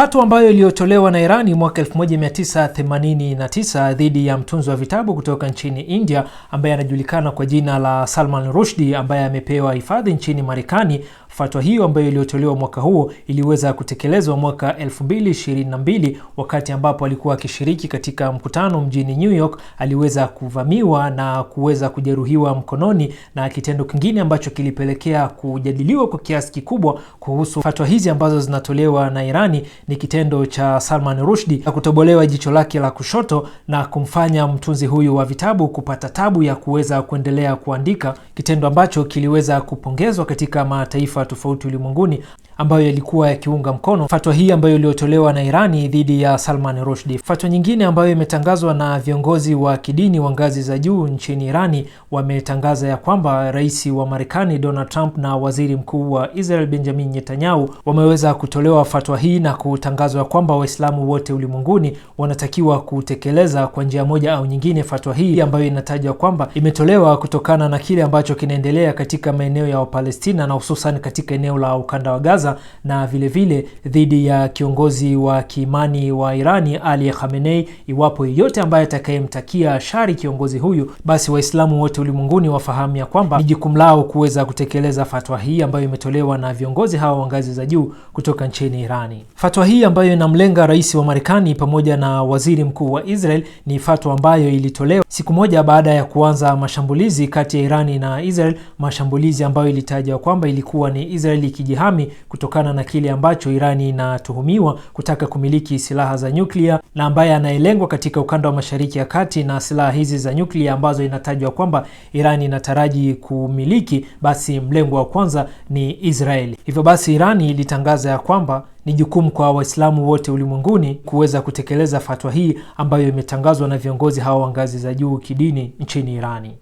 Fatwa ambayo iliyotolewa na Irani mwaka 1989 dhidi ya mtunzi wa vitabu kutoka nchini India ambaye anajulikana kwa jina la Salman Rushdie ambaye amepewa hifadhi nchini Marekani Fatwa hiyo ambayo iliyotolewa mwaka huo iliweza kutekelezwa mwaka 2022 wakati ambapo alikuwa akishiriki katika mkutano mjini New York, aliweza kuvamiwa na kuweza kujeruhiwa mkononi, na kitendo kingine ambacho kilipelekea kujadiliwa kwa kiasi kikubwa kuhusu fatwa hizi ambazo zinatolewa na Irani ni kitendo cha Salman Rushdie na kutobolewa jicho lake la kushoto na kumfanya mtunzi huyu wa vitabu kupata tabu ya kuweza kuendelea kuandika, kitendo ambacho kiliweza kupongezwa katika mataifa tofauti ulimwenguni ambayo yalikuwa yakiunga mkono fatwa hii ambayo iliyotolewa na Irani dhidi ya Salman Rushdie. Fatwa nyingine ambayo imetangazwa na viongozi wa kidini wa ngazi za juu nchini Irani wametangaza ya kwamba rais wa Marekani Donald Trump na waziri mkuu wa Israel Benjamin Netanyahu wameweza kutolewa fatwa hii na kutangazwa kwamba Waislamu wote ulimwenguni wanatakiwa kutekeleza kwa njia moja au nyingine fatwa hii ambayo inatajwa kwamba imetolewa kutokana na kile ambacho kinaendelea katika maeneo ya Wapalestina na hususan katika eneo la ukanda wa Gaza na vilevile dhidi ya kiongozi wa kiimani wa Irani Ali Khamenei, iwapo yeyote ambaye atakayemtakia shari kiongozi huyu, basi Waislamu wote ulimwenguni wafahamu ya kwamba ni jukumu lao kuweza kutekeleza fatwa hii ambayo imetolewa na viongozi hawa wa ngazi za juu kutoka nchini Irani. Fatwa hii ambayo inamlenga rais wa Marekani pamoja na waziri mkuu wa Israel ni fatwa ambayo ilitolewa siku moja baada ya kuanza mashambulizi kati ya Irani na Israel, mashambulizi ambayo ilitajwa kwamba ilikuwa ni Marekani, Israeli ikijihami kutokana na kile ambacho Irani inatuhumiwa kutaka kumiliki silaha za nyuklia na ambaye anayelengwa katika ukanda wa Mashariki ya Kati, na silaha hizi za nyuklia ambazo inatajwa kwamba Irani inataraji kumiliki, basi mlengo wa kwanza ni Israeli. Hivyo basi Irani ilitangaza ya kwamba ni jukumu kwa Waislamu wote ulimwenguni kuweza kutekeleza fatwa hii ambayo imetangazwa na viongozi hawa wa ngazi za juu kidini nchini Irani.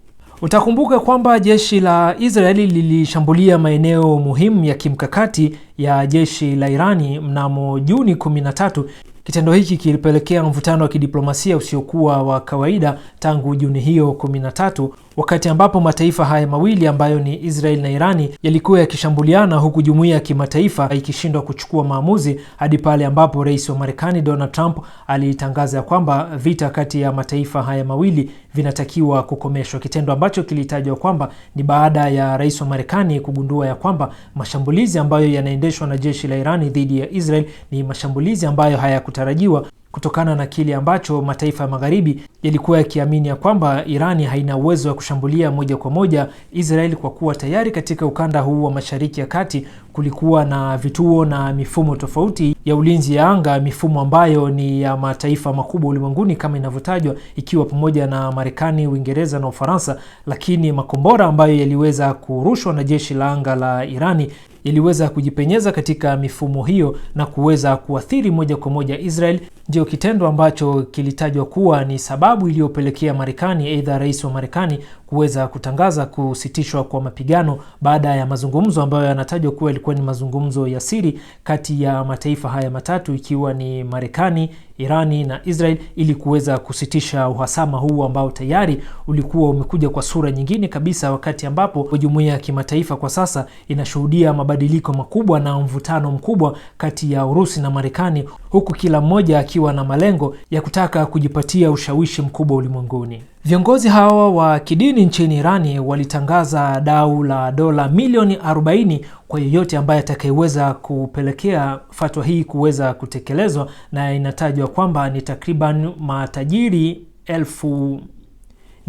Utakumbuka kwamba jeshi la Israeli lilishambulia maeneo muhimu ya kimkakati ya jeshi la Irani mnamo Juni 13. Kitendo hiki kilipelekea mvutano wa kidiplomasia usiokuwa wa kawaida tangu Juni hiyo 13 wakati ambapo mataifa haya mawili ambayo ni Israel na Irani yalikuwa yakishambuliana huku jumuiya ya kimataifa ikishindwa kuchukua maamuzi hadi pale ambapo rais wa Marekani Donald Trump alitangaza kwamba vita kati ya mataifa haya mawili vinatakiwa kukomeshwa, kitendo ambacho kilitajwa kwamba ni baada ya rais wa Marekani kugundua ya kwamba mashambulizi ambayo yanaendeshwa na jeshi la Irani dhidi ya Israel ni mashambulizi ambayo hayakutarajiwa kutokana na kile ambacho mataifa ya magharibi yalikuwa yakiamini ya kwamba Irani haina uwezo wa kushambulia moja kwa moja Israeli kwa kuwa tayari katika ukanda huu wa Mashariki ya Kati kulikuwa na vituo na mifumo tofauti ya ulinzi ya anga, mifumo ambayo ni ya mataifa makubwa ulimwenguni kama inavyotajwa, ikiwa pamoja na Marekani, Uingereza na Ufaransa. Lakini makombora ambayo yaliweza kurushwa na jeshi la anga la Irani iliweza kujipenyeza katika mifumo hiyo na kuweza kuathiri moja kwa moja Israel, ndio kitendo ambacho kilitajwa kuwa ni sababu iliyopelekea Marekani, aidha rais wa Marekani kuweza kutangaza kusitishwa kwa mapigano baada ya mazungumzo ambayo yanatajwa kuwa yalikuwa ni mazungumzo ya siri kati ya mataifa haya matatu ikiwa ni Marekani Irani na Israel ili kuweza kusitisha uhasama huu ambao tayari ulikuwa umekuja kwa sura nyingine kabisa, wakati ambapo jumuiya ya kimataifa kwa sasa inashuhudia mabadiliko makubwa na mvutano mkubwa kati ya Urusi na Marekani, huku kila mmoja akiwa na malengo ya kutaka kujipatia ushawishi mkubwa ulimwenguni. Viongozi hawa wa kidini nchini Irani walitangaza dau la dola milioni 40 kwa yeyote ambaye atakayeweza kupelekea fatwa hii kuweza kutekelezwa, na inatajwa kwamba ni takriban matajiri elfu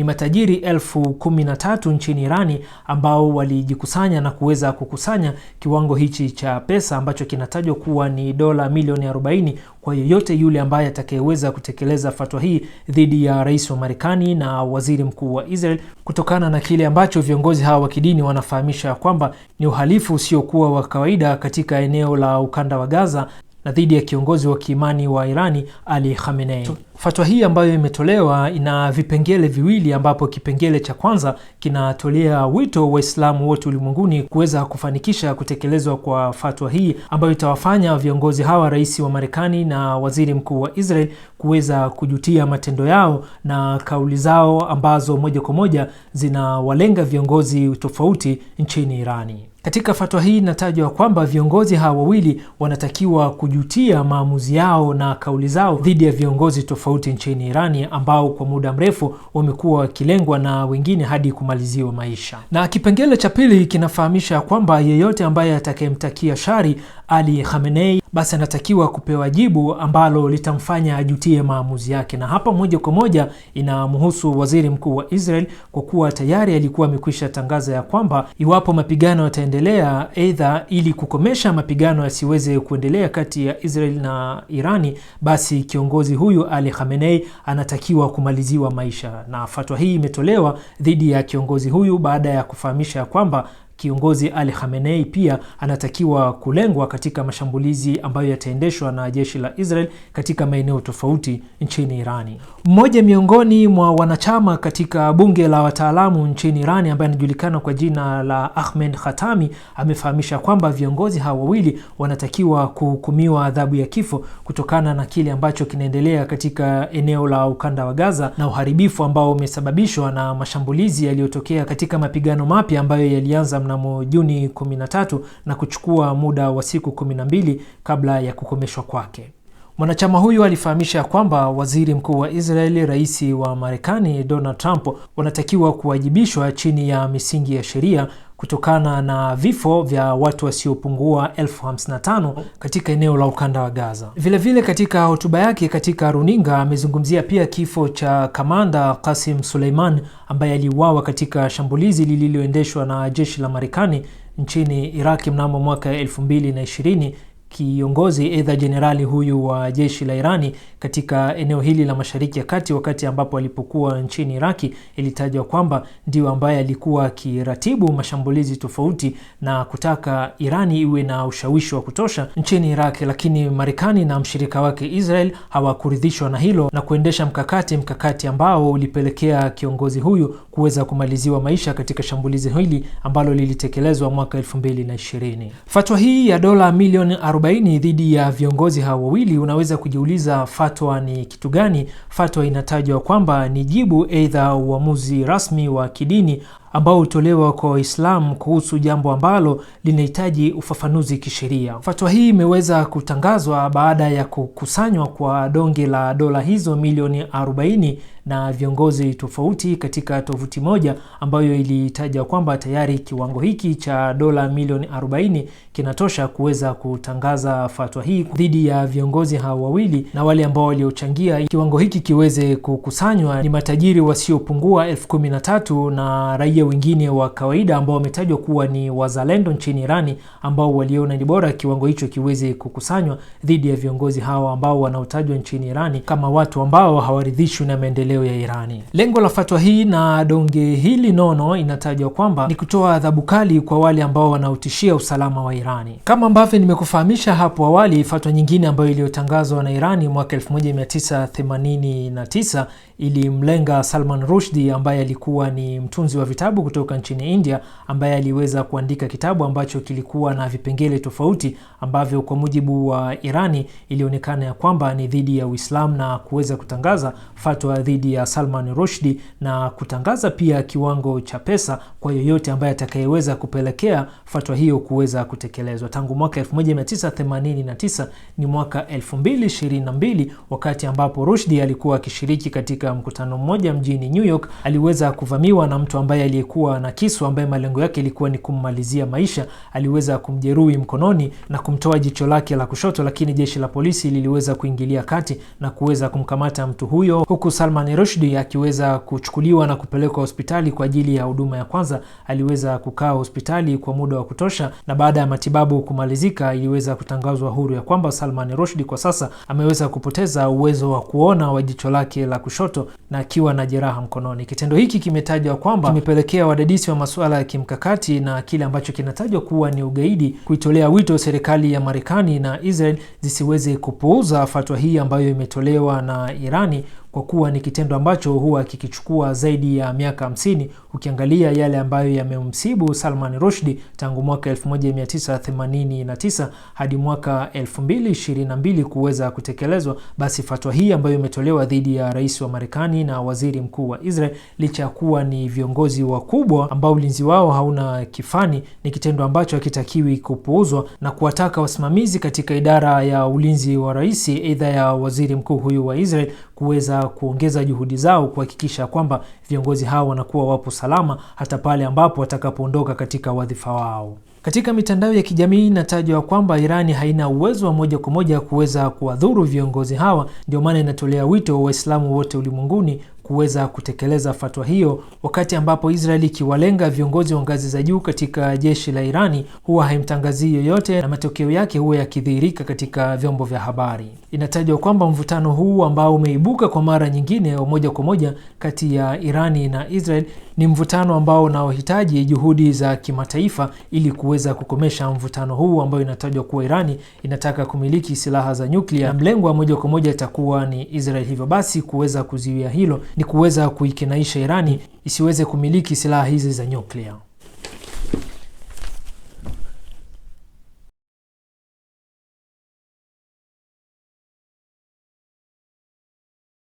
ni matajiri elfu kumi na tatu nchini Irani ambao walijikusanya na kuweza kukusanya kiwango hichi cha pesa ambacho kinatajwa kuwa ni dola milioni 40 kwa yeyote yule ambaye atakayeweza kutekeleza fatwa hii dhidi ya rais wa Marekani na waziri mkuu wa Israel kutokana na kile ambacho viongozi hawa wa kidini wanafahamisha kwamba ni uhalifu usiokuwa wa kawaida katika eneo la ukanda wa Gaza na dhidi ya kiongozi wa kiimani wa Irani Ali Khamenei. Fatwa hii ambayo imetolewa ina vipengele viwili ambapo kipengele cha kwanza kinatolea wito Waislamu wote ulimwenguni kuweza kufanikisha kutekelezwa kwa fatwa hii ambayo itawafanya viongozi hawa, rais wa Marekani na waziri mkuu wa Israel, kuweza kujutia matendo yao na kauli zao ambazo moja kwa moja zinawalenga viongozi tofauti nchini Irani. Katika fatwa hii inatajwa kwamba viongozi hawa wawili wanatakiwa kujutia maamuzi yao na kauli zao dhidi ya viongozi tofauti nchini Irani ambao kwa muda mrefu wamekuwa wakilengwa na wengine hadi kumaliziwa maisha. Na kipengele cha pili kinafahamisha kwamba yeyote ambaye atakayemtakia shari Ali Khamenei basi anatakiwa kupewa jibu ambalo litamfanya ajutie maamuzi yake, na hapa moja kwa moja inamhusu waziri mkuu wa Israel kwa kuwa tayari alikuwa amekwisha tangaza ya kwamba iwapo mapigano yataendelea, aidha ili kukomesha mapigano yasiweze kuendelea kati ya Israel na Irani, basi kiongozi huyu Ali Khamenei anatakiwa kumaliziwa maisha, na fatwa hii imetolewa dhidi ya kiongozi huyu baada ya kufahamisha ya kwamba Kiongozi Ali Khamenei pia anatakiwa kulengwa katika mashambulizi ambayo yataendeshwa na jeshi la Israel katika maeneo tofauti nchini Irani. Mmoja miongoni mwa wanachama katika bunge la wataalamu nchini Irani ambaye anajulikana kwa jina la Ahmed Khatami amefahamisha kwamba viongozi hawa wawili wanatakiwa kuhukumiwa adhabu ya kifo kutokana na kile ambacho kinaendelea katika eneo la ukanda wa Gaza na uharibifu ambao umesababishwa na mashambulizi yaliyotokea katika mapigano mapya ambayo yalianza mnamo Juni 13 na kuchukua muda wa siku 12 kabla ya kukomeshwa kwake. Mwanachama huyu alifahamisha kwamba waziri mkuu wa Israeli, rais wa Marekani Donald Trump wanatakiwa kuwajibishwa chini ya misingi ya sheria kutokana na vifo vya watu wasiopungua 55 katika eneo la ukanda wa Gaza. Vilevile vile katika hotuba yake katika runinga amezungumzia pia kifo cha kamanda Qasim Suleiman ambaye aliuawa katika shambulizi lililoendeshwa na jeshi la Marekani nchini Iraki mnamo mwaka 2020 kiongozi edha jenerali huyu wa jeshi la Irani katika eneo hili la Mashariki ya Kati wakati ambapo alipokuwa nchini Iraki, ilitajwa kwamba ndio ambaye alikuwa akiratibu mashambulizi tofauti na kutaka Irani iwe na ushawishi wa kutosha nchini Iraki, lakini Marekani na mshirika wake Israel hawakuridhishwa na hilo na kuendesha mkakati mkakati ambao ulipelekea kiongozi huyu kuweza kumaliziwa maisha katika shambulizi hili ambalo lilitekelezwa mwaka 2020. Fatwa hii ya dola milioni arobaini dhidi ya viongozi hao wawili, unaweza kujiuliza fatwa ni kitu gani? Fatwa inatajwa kwamba ni jibu aidha uamuzi rasmi wa kidini ambao hutolewa kwa Waislamu kuhusu jambo ambalo linahitaji ufafanuzi kisheria. Fatwa hii imeweza kutangazwa baada ya kukusanywa kwa donge la dola hizo milioni 40 na viongozi tofauti katika tovuti moja ambayo ilitaja kwamba tayari kiwango hiki cha dola milioni 40 kinatosha kuweza kutangaza fatwa hii dhidi ya viongozi hawa wawili na wale ambao waliochangia kiwango hiki kiweze kukusanywa ni matajiri wasiopungua elfu kumi na tatu na raia raia wengine wa kawaida ambao wametajwa kuwa ni wazalendo nchini Irani ambao waliona ni bora kiwango hicho kiweze kukusanywa dhidi ya viongozi hawa ambao wanaotajwa nchini Irani kama watu ambao hawaridhishwi na maendeleo ya Irani. Lengo la fatwa hii na donge hili nono inatajwa kwamba ni kutoa adhabu kali kwa wale ambao wanaotishia usalama wa Irani. Kama ambavyo nimekufahamisha hapo awali, fatwa nyingine ambayo iliyotangazwa na Irani mwaka 1989 ilimlenga Salman Rushdie ambaye alikuwa ni mtunzi wa vitabu kutoka nchini India ambaye aliweza kuandika kitabu ambacho kilikuwa na vipengele tofauti ambavyo kwa mujibu wa Irani ilionekana ya kwamba ni dhidi ya Uislamu na kuweza kutangaza fatwa dhidi ya Salman Rushdie na kutangaza pia kiwango cha pesa kwa yoyote ambaye atakayeweza kupelekea fatwa hiyo kuweza kutekelezwa. Tangu mwaka 1989 ni mwaka 2022 wakati ambapo Rushdie alikuwa akishiriki katika katika mkutano mmoja mjini New York aliweza kuvamiwa na mtu ambaye aliyekuwa na kisu ambaye malengo yake ilikuwa ni kummalizia maisha. Aliweza kumjeruhi mkononi na kumtoa jicho lake la kushoto, lakini jeshi la polisi liliweza kuingilia kati na kuweza kumkamata mtu huyo, huku Salman Rushdi akiweza kuchukuliwa na kupelekwa hospitali kwa ajili ya huduma ya kwanza. Aliweza kukaa hospitali kwa muda wa kutosha, na baada ya matibabu kumalizika, iliweza kutangazwa huru ya kwamba Salman rushdi kwa sasa ameweza kupoteza uwezo wa kuona wa jicho lake la kushoto mzito na akiwa na jeraha mkononi. Kitendo hiki kimetajwa kwamba kimepelekea wadadisi wa masuala ya kimkakati na kile ambacho kinatajwa kuwa ni ugaidi kuitolea wito serikali ya Marekani na Israel zisiweze kupuuza fatwa hii ambayo imetolewa na Irani kwa kuwa ni kitendo ambacho huwa kikichukua zaidi ya miaka 50 ukiangalia yale ambayo yamemsibu Salman rushdi tangu mwaka 1989 hadi mwaka 222 kuweza kutekelezwa, basi fatwa hii ambayo imetolewa dhidi ya rais wa Marekani na waziri mkuu wa Israel, licha ya kuwa ni viongozi wakubwa ambao ulinzi wao hauna kifani, ni kitendo ambacho hakitakiwi kupuuzwa na kuwataka wasimamizi katika idara ya ulinzi wa rais, aidha ya waziri mkuu huyu wa Israel kuweza kuongeza juhudi zao kuhakikisha kwamba viongozi hao wanakuwa wapo salama hata pale ambapo watakapoondoka katika wadhifa wao. Katika mitandao ya kijamii inatajwa kwamba Irani haina uwezo wa moja kwa moja kuweza kuwadhuru viongozi hawa, ndio maana inatolea wito wa Waislamu wote ulimwenguni kuweza kutekeleza fatwa hiyo, wakati ambapo Israeli ikiwalenga viongozi wa ngazi za juu katika jeshi la Irani huwa haimtangazii yoyote na matokeo yake huwa yakidhihirika katika vyombo vya habari. Inatajwa kwamba mvutano huu ambao umeibuka kwa mara nyingine wa moja kwa moja kati ya Irani na Israel ni mvutano ambao unaohitaji juhudi za kimataifa ili kuweza kukomesha mvutano huu ambayo inatajwa kuwa Irani inataka kumiliki silaha za nyuklia na mlengo wa moja kwa moja itakuwa ni Israel. Hivyo basi kuweza kuzuia hilo ni kuweza kuikinaisha Irani isiweze kumiliki silaha hizi za nyuklia.